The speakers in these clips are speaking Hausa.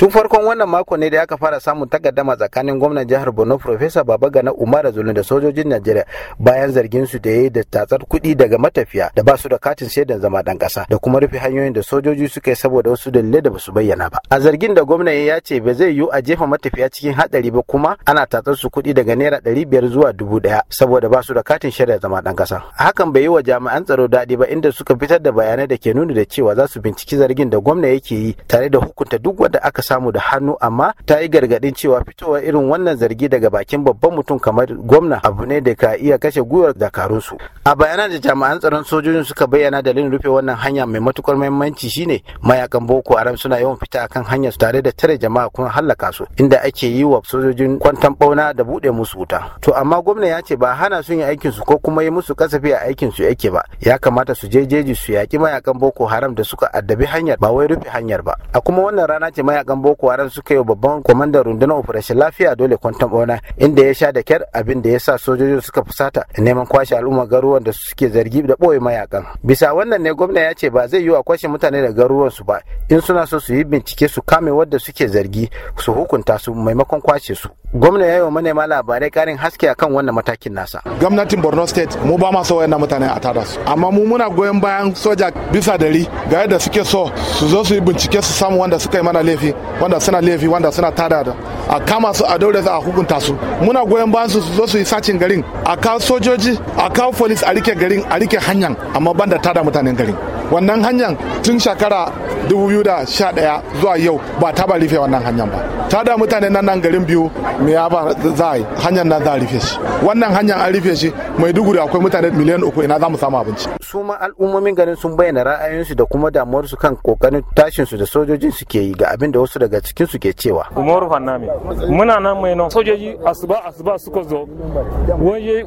tun farkon wannan mako ne da aka fara samun takaddama tsakanin gwamnan jihar borno Baba Gana umar zulun da sojojin najeriya bayan zargin su da yi da tatsar kuɗi daga matafiya da ba su da katin shaidan zama dan ƙasa da kuma rufe hanyoyin da sojoji suka yi saboda wasu dalilai da basu bayyana ba a zargin da gwamnan ya ce ba zai yiwu a jefa matafiya cikin hatsari ba kuma ana tatsar su kuɗi daga naira ɗari biyar zuwa dubu ɗaya saboda ba su da katin shaidan zama dan ƙasa hakan bai yi wa jami'an tsaro daɗi ba inda suka fitar da bayanai da ke nuna da cewa za su binciki zargin da gwamna yake yi tare da hukunta duk wanda aka samu da hannu amma ta yi gargadin cewa fitowa irin wannan zargi daga bakin babban mutum kamar gwamna abu ne da ka iya kashe gwiwar dakarunsu a bayanan da jami'an tsaron sojojin suka bayyana dalilin rufe wannan hanya mai matukar muhimmanci shine mayakan boko haram suna yawan fita akan hanyar tare da tare jama'a kuma hallaka su inda ake yi wa sojojin kwantan bauna da buɗe musu wuta to amma gwamna ya ce ba hana sun yi aikin su ko kuma yi musu kasafi a aikin su yake ba ya kamata su je jeji su yaki mayakan boko haram da suka addabi hanyar ba wai rufe hanyar ba a kuma wannan rana ce mayakan boko haram suka yi babban kwamandan rundunar operation lafiya dole kwantan bona inda ya sha da kyar abin da ya sa sojojin suka fusata neman kwashe al'umma garuruwan da suke zargi da ɓoye mayakan bisa wannan ne gwamna ya ce ba zai yi wa kwashe mutane da garuruwan su ba in suna so su yi bincike su kame wadda suke zargi su hukunta su maimakon kwashe su gwamna ya yi wa manema labarai karin haske akan wannan matakin nasa gwamnatin borno state mu ba ma so wayan mutane a tada su amma mu muna goyon bayan soja bisa dari ga yadda suke so su zo su yi bincike su samu wanda suka yi mana laifi wanda suna laifi wanda suna tada da a kama su a daure za a hukunta su muna goyon bayan su su zo su yi sacin garin a kawo sojoji a kawo police a rike garin a rike hanyan amma banda tada mutanen garin wannan hanyar tun shekara 2011 zuwa yau ba ta ba rufe wannan hanyar ba ta da mutane nan nan garin biyu me ya ba za a yi hanyar nan za a rufe shi wannan hanyar an rufe shi mai maiduguri akwai mutane miliyan uku ina za mu samu abinci su ma al'ummomin garin sun bayyana ra'ayoyinsu da kuma damuwarsu kan kokarin tashin su da sojojin su ke yi ga abin da wasu daga cikin su ke cewa umaru fannami muna nan mai nan sojoji asuba asuba suka zo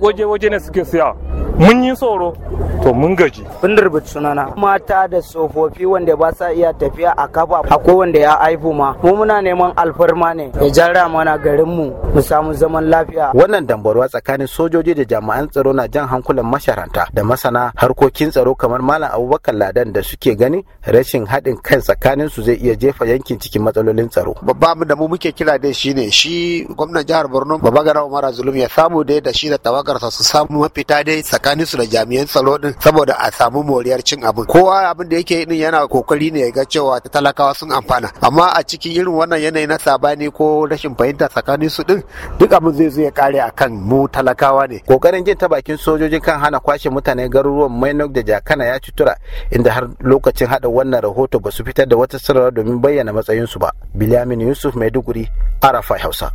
waje waje ne suke siya mun yi tsoro to mun gaji kun rubuta sunana mata da tsofaffi wanda ba sa iya tafiya a kafa akwai wanda ya haifu ma mu muna neman alfarma ne ya jara mana garin mu mu samu zaman lafiya wannan dambarwa tsakanin sojoji da jami'an tsaro na jan hankulan masharanta da masana harkokin tsaro kamar malam abubakar ladan da suke gani rashin haɗin kan tsakanin su zai iya jefa yankin cikin matsalolin tsaro babba da mu muke kira dai shine shi gwamnan jihar borno babagana umar zulum ya samu dai da shi da tawagarsa su samu mafita dai tsakanin tsakanin su da jami'an tsaro din saboda a samu moriyar cin abin kowa abin da yake din yana kokari ne ya ga cewa ta talakawa sun amfana amma a cikin irin wannan yanayi na sabani ko rashin fahimta tsakanin su din duk abin zai zo ya kare akan mu talakawa ne kokarin jin ta bakin sojoji kan hana kwashe mutane garuruwan mainok da jakana ya cutura inda har lokacin hada wannan rahoto ba su fitar da wata sirra domin bayyana su ba Bilamin yusuf maiduguri arafa hausa